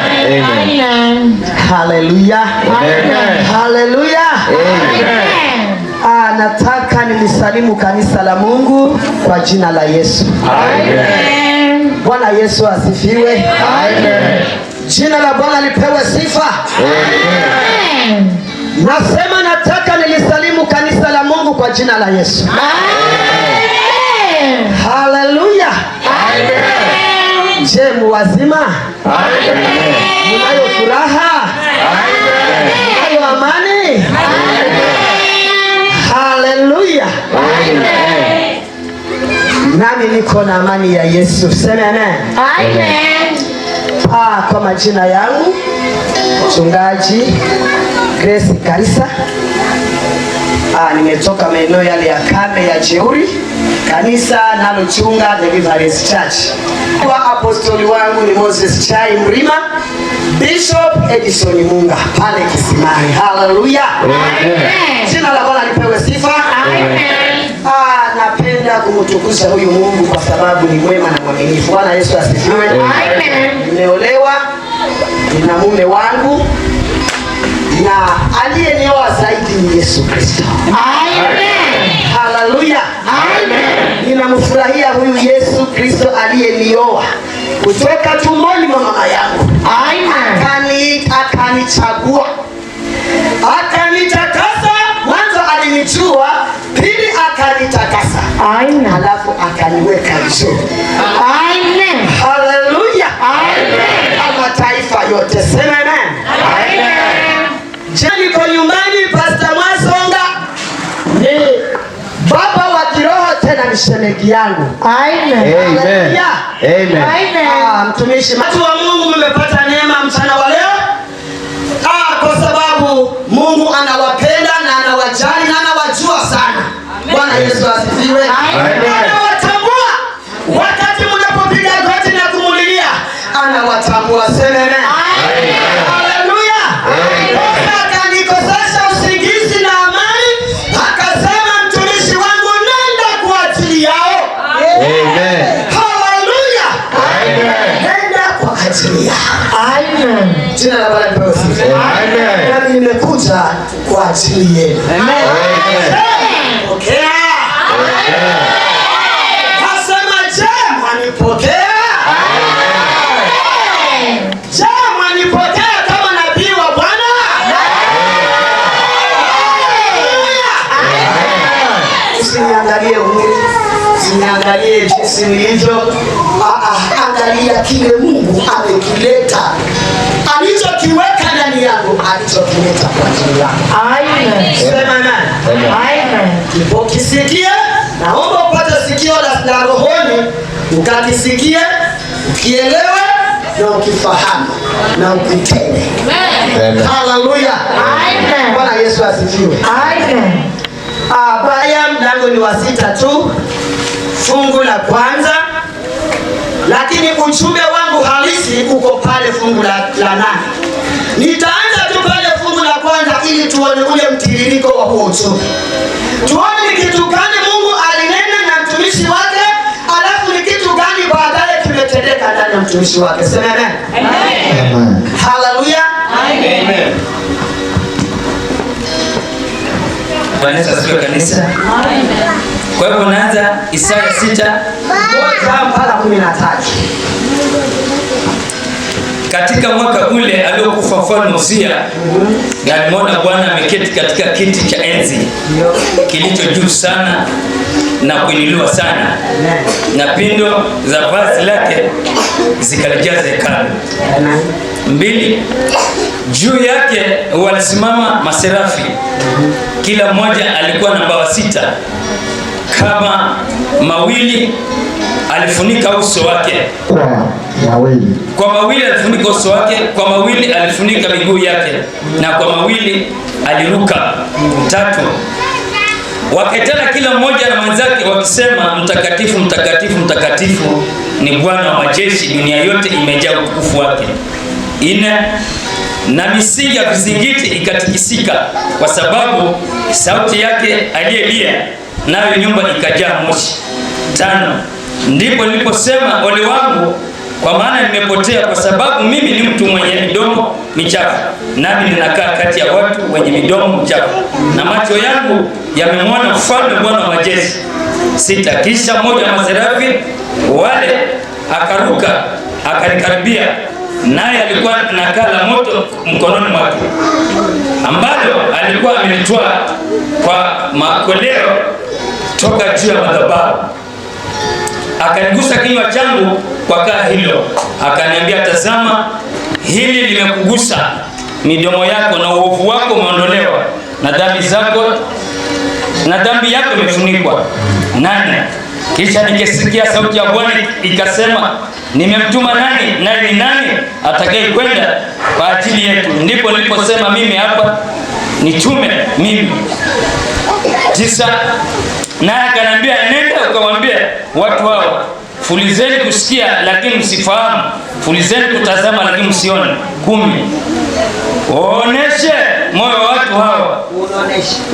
Amen. Haleluya. Haleluya. Ah, nataka nilisalimu kanisa la Mungu kwa jina la Yesu. Amen. Bwana Yesu asifiwe. Amen. Jina la Bwana lipewe sifa. Amen. Nasema nataka nilisalimu kanisa la Mungu kwa jina la Yesu. Amen. Je, muwazima? Munayo furaha? Munayo amani? Haleluya! Nami niko na amani ya Yesu. Sema amen. Kwa majina yangu Mchungaji Grace Karisa Aa, ah, nimetoka maeneo yale ya kame ya jeuri, kanisa nalochunga Deliverance Church. Kwa apostoli wangu ni Moses Chai Mrima, Bishop Edison Munga pale Kisimani. Haleluya, jina la Bwana lipewe sifa. Ah, napenda kumtukuza huyu Mungu kwa sababu ni mwema na mwaminifu. Bwana Yesu asifiwe. Nimeolewa, nina mume wangu na aliyenioa zaidi ni Yesu Kristo. Amen. Haleluya. Amen. Ninamfurahia huyu Yesu Kristo aliyenioa kutoka tumboni mwa mama yangu. Amen. Akani akanichagua. Akanitakasa, mwanzo alinichua pili akanitakasa. Amen. Alafu akaniweka juu. Amen. Haleluya. Amen. Kama taifa yote sema ni shemeji yangu. Ah, mtumishi, watu wa Mungu mmepata neema mchana wa leo. Ah, kwa sababu Mungu anawapenda na anawajali na anawajua sana. Bwana Yesu asifiwe. ajili yenu. Pokea je, mwanipokea? Je, mwanipokea kama nabii wa Bwana? Usiniangalie mwili, usiniangalie jinsi nilivyo, ah, ah, angalia kile Mungu amekileta alichokiweka ndani alichokileta kwa ajili Ukisikia, naomba upate sikio la rohoni, ukakisikia ukielewe na ukifahamu na ukitende. Haleluya. Bwana Yesu asifiwe. Abaya, ah, mlango ni wa sita tu fungu la kwanza, lakini ujumbe wangu halisi uko pale fungu la nane tuone ule mtiririko wa huo uchumi, tuone ni kitu gani Mungu alinena na mtumishi wake, alafu ni kitu gani baadaye kimetendeka ndani ya mtumishi wake. Sema amen, amen, haleluya, amen. Kanisa. Kwa hivyo naanza Isaya sita mpaka kumi katika mwaka ule aliokufa mfalme Uzia, alimwona Bwana ameketi katika kiti cha enzi kilicho juu sana na kuinuliwa sana, na pindo za vazi lake zikalijaza hekalu. Mbili, juu yake walisimama maserafi, kila mmoja alikuwa na mbawa sita kama mawili alifunika uso wake kwa mawili, kwa mawili alifunika uso wake, kwa mawili alifunika miguu yake, na kwa mawili aliruka. Tatu, waketana kila mmoja na mwenzake wakisema, mtakatifu, mtakatifu, mtakatifu ni Bwana wa majeshi, dunia yote imejaa utukufu wake. Ine, na misingi ya vizingiti ikatikisika kwa sababu sauti yake aliyelia, nayo nyumba ikajaa moshi. Tano, Ndipo niliposema ole wangu, kwa maana nimepotea, kwa sababu mimi ni mtu mwenye midomo michafu, nami ninakaa kati ya watu wenye midomo michafu, na macho yangu yamemwona mfalme, Bwana wa majeshi sita. Kisha mmoja wa maserafi wale akaruka akanikaribia, naye alikuwa na la moto mkononi mwake, ambalo alikuwa amelitwaa kwa makoleo toka juu ya madhabahu akanigusa kinywa changu kwa kaa hilo, akaniambia, tazama, hili limekugusa midomo yako, na uovu wako umeondolewa, na dhambi zako na dhambi yako imefunikwa. Nane. Kisha nikisikia sauti ya Bwana ikasema, nimemtuma nani? Naye ni nani kwenda kwa ajili yetu? Ndipo niliposema mimi hapa chume mimi. Tisa. Naye akaniambia, nenda ukawaambia watu wao, fulizeni kusikia lakini msifahamu, fulizeni kutazama lakini msione. Kumi, uoneshe moyo wa watu hawa,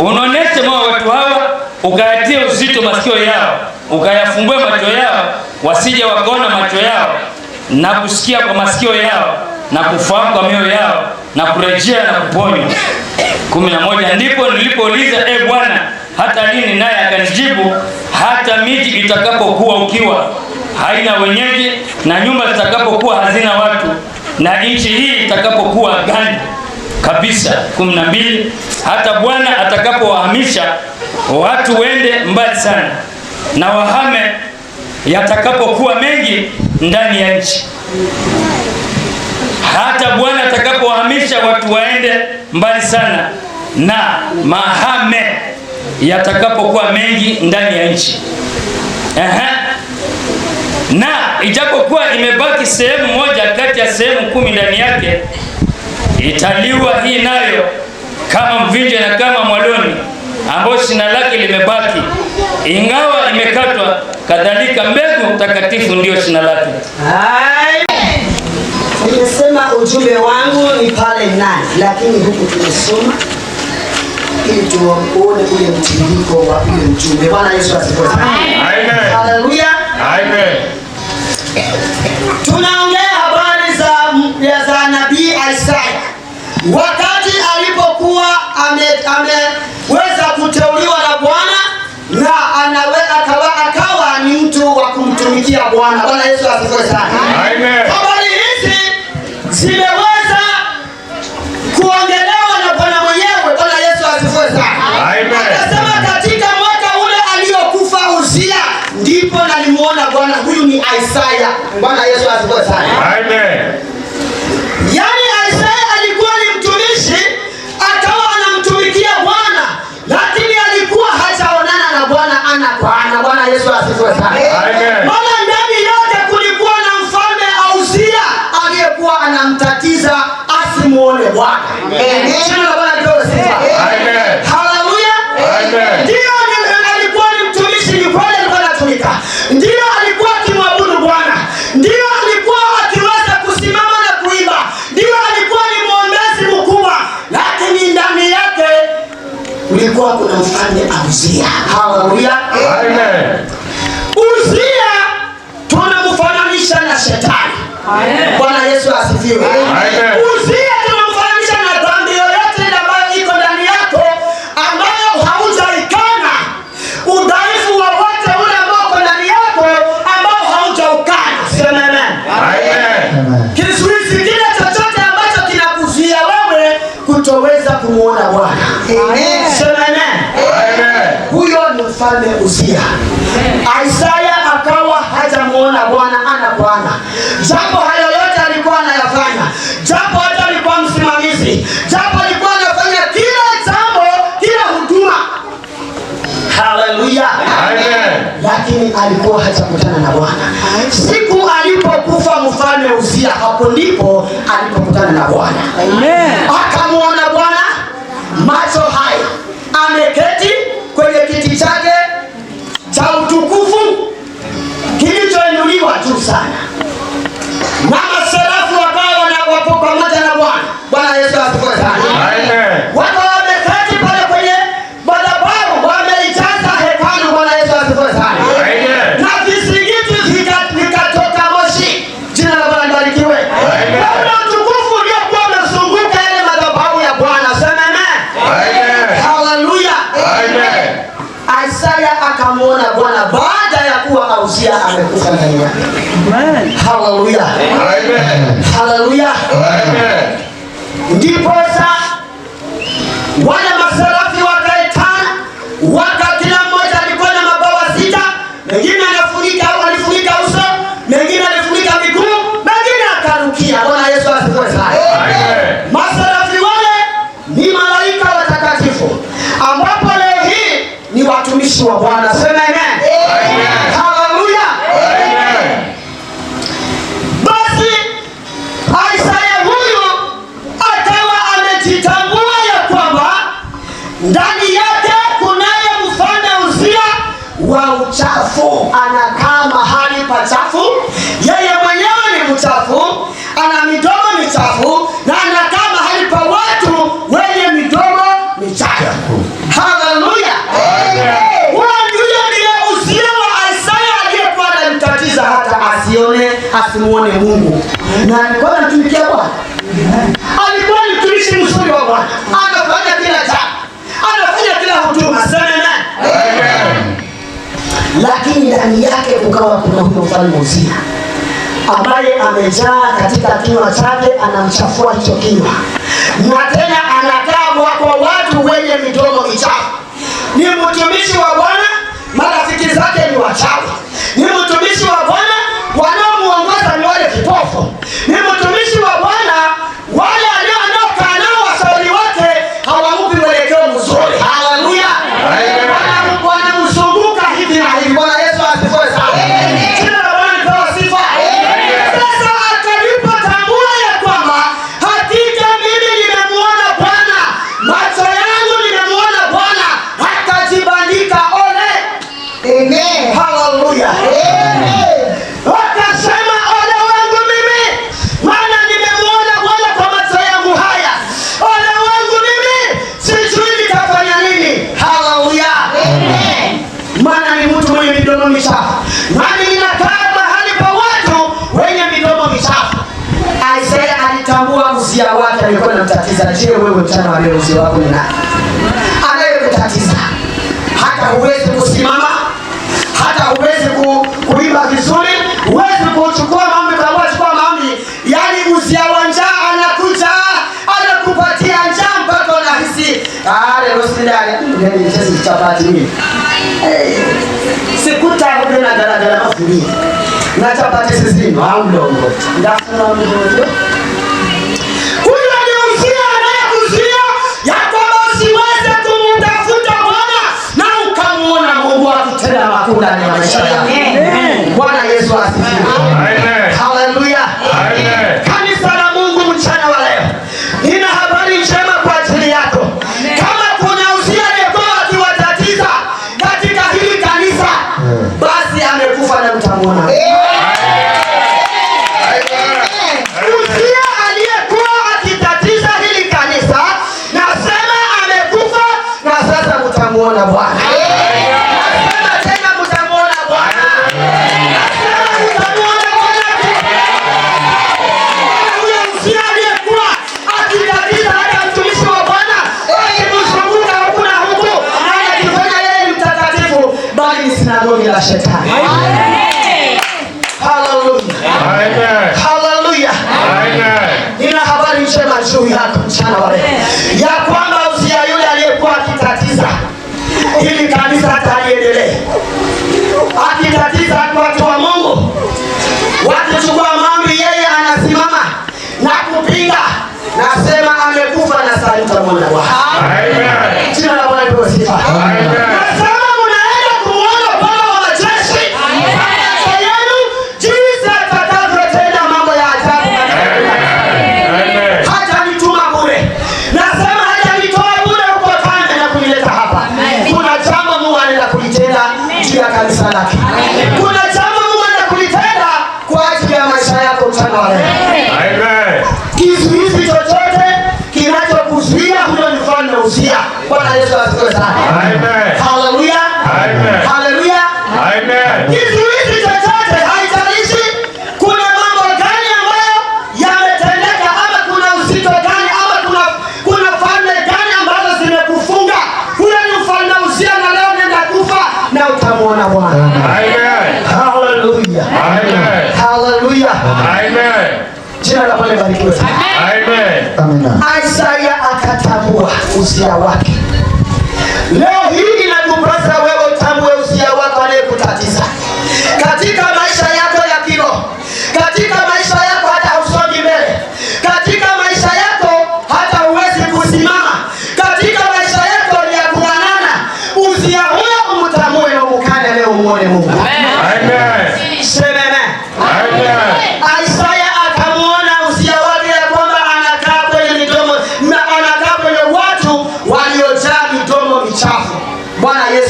unaoneshe moyo wa watu hawa, ukayatie uzito masikio yao, ukayafungue macho yao, wasije wakaona macho yao na kusikia kwa masikio yao na kufahamu kwa mioyo yao na kurejea na kuponywa. kumi na moja, ndipo nilipouliza e Bwana hata lini? Naye akanijibu hata miji itakapokuwa ukiwa haina wenyeji na nyumba zitakapokuwa hazina watu na nchi hii itakapokuwa gani kabisa. kumi na mbili hata Bwana atakapowahamisha watu wende mbali sana, na wahame yatakapokuwa mengi ndani ya nchi. Hata Bwana atakapowahamisha watu waende mbali sana, na mahame yatakapokuwa mengi ndani ya nchi. Aha. Na ijapokuwa imebaki sehemu moja kati ya sehemu kumi ndani yake italiwa hii nayo kama mvinje na kama mwaloni ambayo shina lake limebaki ingawa imekatwa, kadhalika mbegu mtakatifu ndiyo shina lake. Nimesema ujumbe wangu ni pale nani, lakini huku tumesoma ili tuone ule mtiririko wa ule mjumbe. Bwana Yesu asifiwe. Amen. Haleluya. Amen. Tunaongea habari za za nabii Isaya wakati alipokuwa ameweza ame kuteuliwa na Bwana na akawa ni mtu wa kumtumikia Bwana. Bwana Yesu asifiwe sana. ni Isaya. Bwana Yesu asifiwe sana. Amen. Yaani Isaya alikuwa ni mtumishi akawa anamtumikia Bwana, lakini alikuwa hajaonana na Bwana ana kwa ana. Bwana Yesu asifiwe sana. Amen. Maana ndani yake kulikuwa na mfalme Uzia aliyekuwa anamtatiza asimuone Bwana. Amen. Amen. Amen. Amen. kulikuwa kuna mfalme Uzia. Haleluya. Amen. Uzia tunamfananisha na shetani. Amen. Bwana Yesu asifiwe. Amen. Uzia kumwona Bwana. Huyo ni mfalme Uzia. Isaya akawa hajamwona Bwana ana Bwana, japo hayo yote alikuwa anayafanya, japo hata alikuwa msimamizi, japo alikuwa anafanya kila jambo, kila huduma. Haleluya, lakini alikuwa hajakutana na Bwana. Siku alipokufa mfalme Uzia, hapo ndipo alipokutana na Bwana. Akamwa mais eu ada kesananya. Haleluya. Haleluya. Haleluya. Amen. Di ndani yake ukawa kuna huyo mfalme Uzia ambaye amejaa katika kinywa chake, anamchafua hicho kinywa, na tena anakaa kwa watu wenye midomo michafu. Ni mtumishi wa Bwana, marafiki zake ni wachafu, ni mtu Maana ni mtu mwenye midomo misafi, Nani inakaa mahali pa watu wenye midomo misafi. Isaya alitambua uzia wake alikuwa anamtatiza. Je, wewe mchana wa leo uzia wako ni nani anayekutatiza? Hata huwezi kusimama, hata huwezi ku, kuimba vizuri, huwezi kuchukua maombi kama chukua mami, yani uzia wa njaa anakuja anakupatia njaa mpaka unahisi ah, leo sindani ndio ni chapati mimi Hey. Sikuta huko na daladala mafunia na chapati zizima au mlongo. Ndafuna mlongo. shetani. Haleluya! Nina habari njema juu yako mchana wa leo ya kwamba uzia yule aliyekuwa akitatiza ili kanisa hata akitatiza watu wa Mungu wakichukua maombi, yeye anasimama na kupinga, nasema amekufa na sasa mtamwona. Bwana Amen. Hallelujah. Amen. Hallelujah. Amen. Jina la Bwana Amen. Amen. Isaya akatambua usia wake. Leo hii inatupasa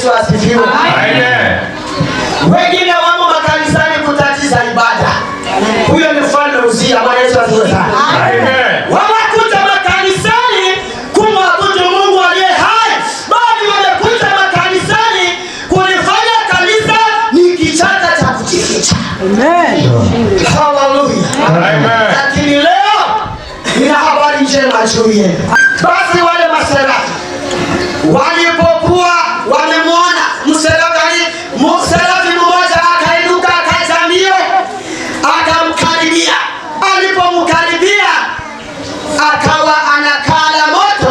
Yesu asifiwe. Amen. Wengine akawa anakala moto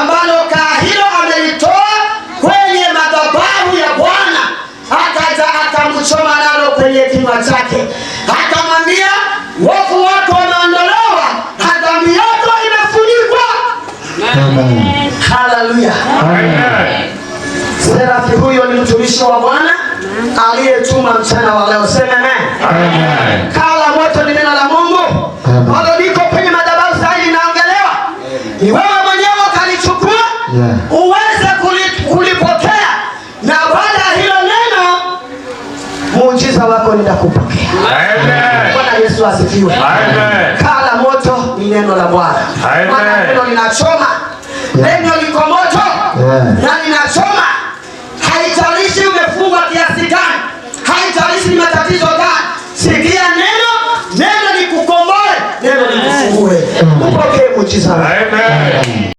ambalo kaa hilo amelitoa kwenye madhabahu ya Bwana, akaja akamchoma nalo kwenye kinywa chake, akamwambia wofu wako wameondolewa, adhabu yako imefunikwa. Haleluya! Serafi huyo ni mtumishi wa Bwana aliyetuma mchana wa leo, sema amen. Kala moto ni neno la Mungu. uweze kulipokea, na baada ya hilo neno muujiza wako nitakupokea. Yesu asifiwe. Kala moto ni neno la Bwana, neno linachoma, neno liko moto na linachoma. Haijalishi umefungwa kiasi gani, haijalishi ni matatizo gani, sikia neno, neno likukomboe, neno likufungue. Upokee muujiza wako.